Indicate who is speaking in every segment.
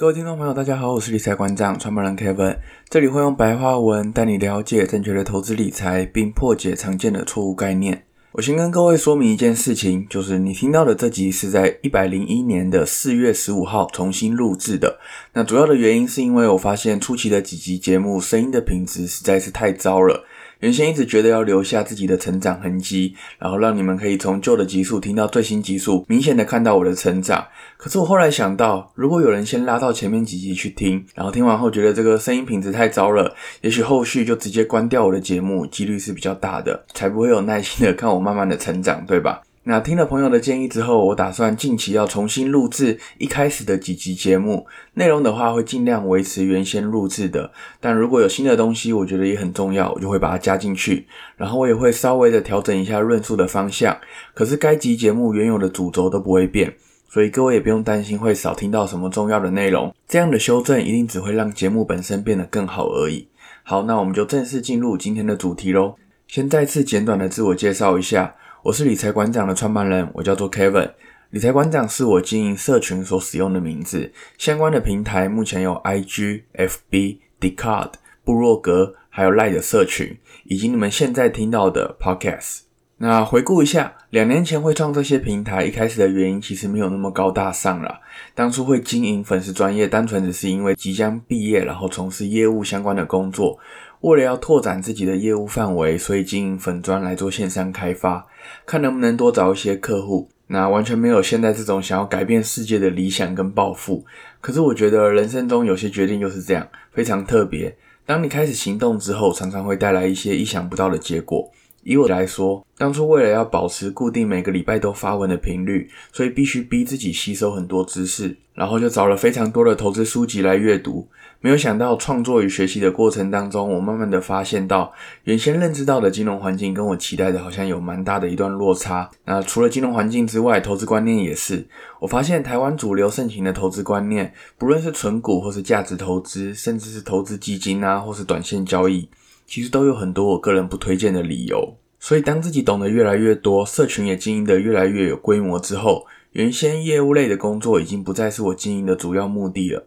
Speaker 1: 各位聽眾朋友，大家好，我是理財館長創辦人 Kevin，這裡會用白話文帶你了解正確的投資理財，並破解常見的錯誤概念。我先跟各位說明一件事情，就是你聽到的這集是在一百零一年的四月十五號重新錄制的。那主要的原因是因為我發現初期的幾集節目聲音的品質實在是太糟了。原先一直覺得要留下自己的成長痕跡，然後讓你們可以從舊的集數聽到最新集數，明顯的看到我的成長。可是我後來想到，如果有人先拉到前面幾集去聽，然後聽完後覺得這個聲音品質太糟了，也許後續就直接關掉我的節目，幾率是比較大的，才不會有耐心的看我慢慢的成長，對吧？那聽了朋友的建議之後，我打算近期要重新錄製一開始的幾集節目。內容的話會盡量維持原先錄製的。但如果有新的東西，我覺得也很重要，我就會把它加進去。然後我也會稍微的調整一下論述的方向。可是該集節目原有的主軸都不會變，所以各位也不用擔心會少聽到什麼重要的內容。這樣的修正一定只會讓節目本身變得更好而已。好，那我們就正式進入今天的主題嘍。先再次簡短的自我介紹一下。我是理財館長的創辦人，我叫做 Kevin。理財館長是我經營社群所使用的名字。相關的平台目前有 IG、FB、Dcard、部落格，還有 Light 社群，以及你們現在聽到的 Podcast。那回顧一下，兩年前會創這些平台，一開始的原因其實沒有那麼高大上啦。當初會經營粉絲專業，單純只是因為即將畢業，然後從事業務相關的工作，為了要拓展自己的業務範圍，所以經營粉專來做線上開發。看能不能多找一些客戶，那完全沒有現在這種想要改變世界的理想跟抱負。可是我覺得人生中有些決定就是這樣，非常特別。當你開始行動之後，常常會帶來一些意想不到的結果。以我來說，當初為了要保持固定每個禮拜都發文的頻率，所以必須逼自己吸收很多知識，然後就找了非常多的投資書籍來閱讀。沒有想到創作與學習的過程當中，我慢慢的發現到原先認知到的金融環境跟我期待的，好像有蠻大的一段落差。那除了金融環境之外，投資觀念也是。我發現台灣主流盛行的投資觀念，不論是存股或是價值投資，甚至是投資基金啊，或是短線交易。其實都有很多我個人不推薦的理由，所以當自己懂得越來越多，社群也經營得越來越有規模之後，原先業務類的工作已經不再是我經營的主要目的了。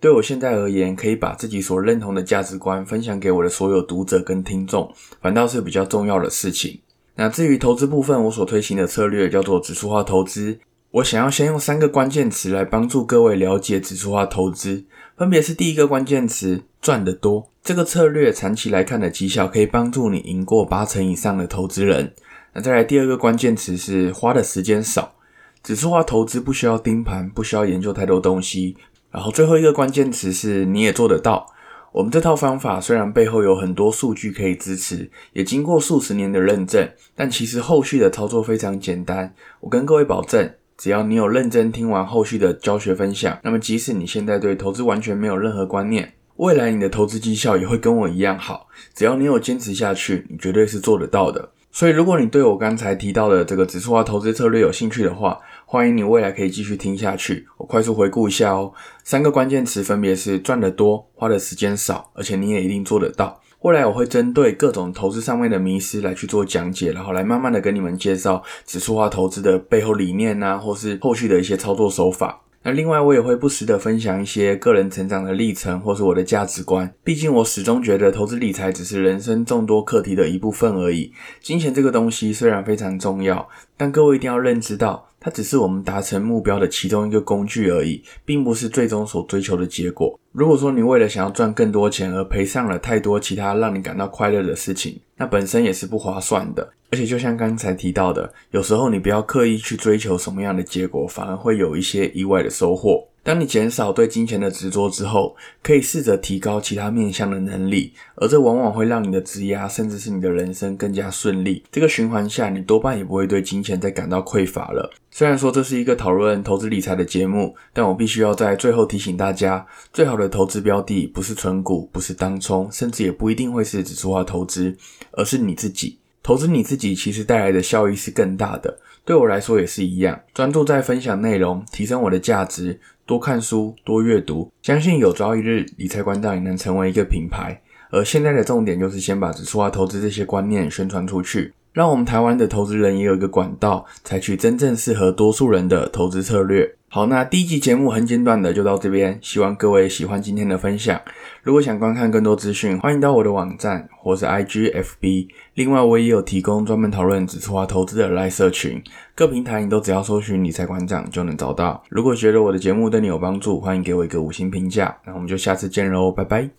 Speaker 1: 對我現在而言，可以把自己所認同的價值觀分享給我的所有讀者跟聽眾，反倒是比較重要的事情。那至於投資部分，我所推行的策略叫做指數化投資。我想要先用三個關鍵詞來幫助各位了解指數化投資，分別是第一個關鍵詞，賺得多，這個策略長期來看的績效可以幫助你贏過八成以上的投資人。那再來第二個關鍵詞是花的時間少，指數化投資不需要盯盤，不需要研究太多東西。然後最後一個關鍵詞是你也做得到。我們這套方法雖然背後有很多數據可以支持，也經過數十年的認證，但其實後續的操作非常簡單。我跟各位保證，只要你有認真聽完後續的教學分享，那麼即使你現在對投資完全沒有任何觀念，未來你的投資績效也會跟我一樣好，只要你有堅持下去，你絕對是做得到的。所以，如果你對我剛才提到的這個指數化投資策略有興趣的話，歡迎你未來可以繼續聽下去。我快速回顧一下哦，三個關鍵詞分別是賺得多、花的時間少，而且你也一定做得到。未來我會針對各種投資上面的迷思來去做講解，然後來慢慢的跟你們介紹指數化投資的背後理念啊，或是後續的一些操作手法。那另外，我也會不時的分享一些個人成長的歷程，或是我的價值觀。畢竟，我始終覺得投資理財只是人生眾多課題的一部分而已。金錢這個東西雖然非常重要，但各位一定要認知到。它只是我們達成目標的其中一個工具而已，並不是最終所追求的結果。如果說你為了想要賺更多錢而賠上了太多其他讓你感到快樂的事情，那本身也是不划算的。而且就像剛才提到的，有時候你不要刻意去追求什麼樣的結果，反而會有一些意外的收穫。當你減少對金錢的執着之後，可以試着提高其他面向的能力，而這往往會讓你的職涯，甚至是你的人生更加順利。這個循環下，你多半也不會對金錢再感到匱乏了。雖然說這是一個討論投資理財的節目，但我必須要在最後提醒大家，最好的投資標的不是存股，不是當沖，甚至也不一定會是指數化投資，而是你自己。投資你自己，其實帶來的效益是更大的。對我來說也是一樣，專注在分享內容，提升我的價值，多看書，多閱讀，相信有朝一日理財館長也能成為一個品牌。而現在的重點就是先把指數化投資這些觀念宣傳出去，讓我們台灣的投資人也有一個管道，採取真正適合多數人的投資策略。好，那第一集節目很簡短的就到這邊，希望各位喜歡今天的分享。如果想觀看更多資訊，歡迎到我的網站或是 IG、FB。另外，我也有提供專門討論指數化投資的 Line 社群，各平台你都只要搜尋“理財館長”就能找到。如果覺得我的節目對你有幫助，歡迎給我一個五星評價。那我們就下次見嘍，拜拜。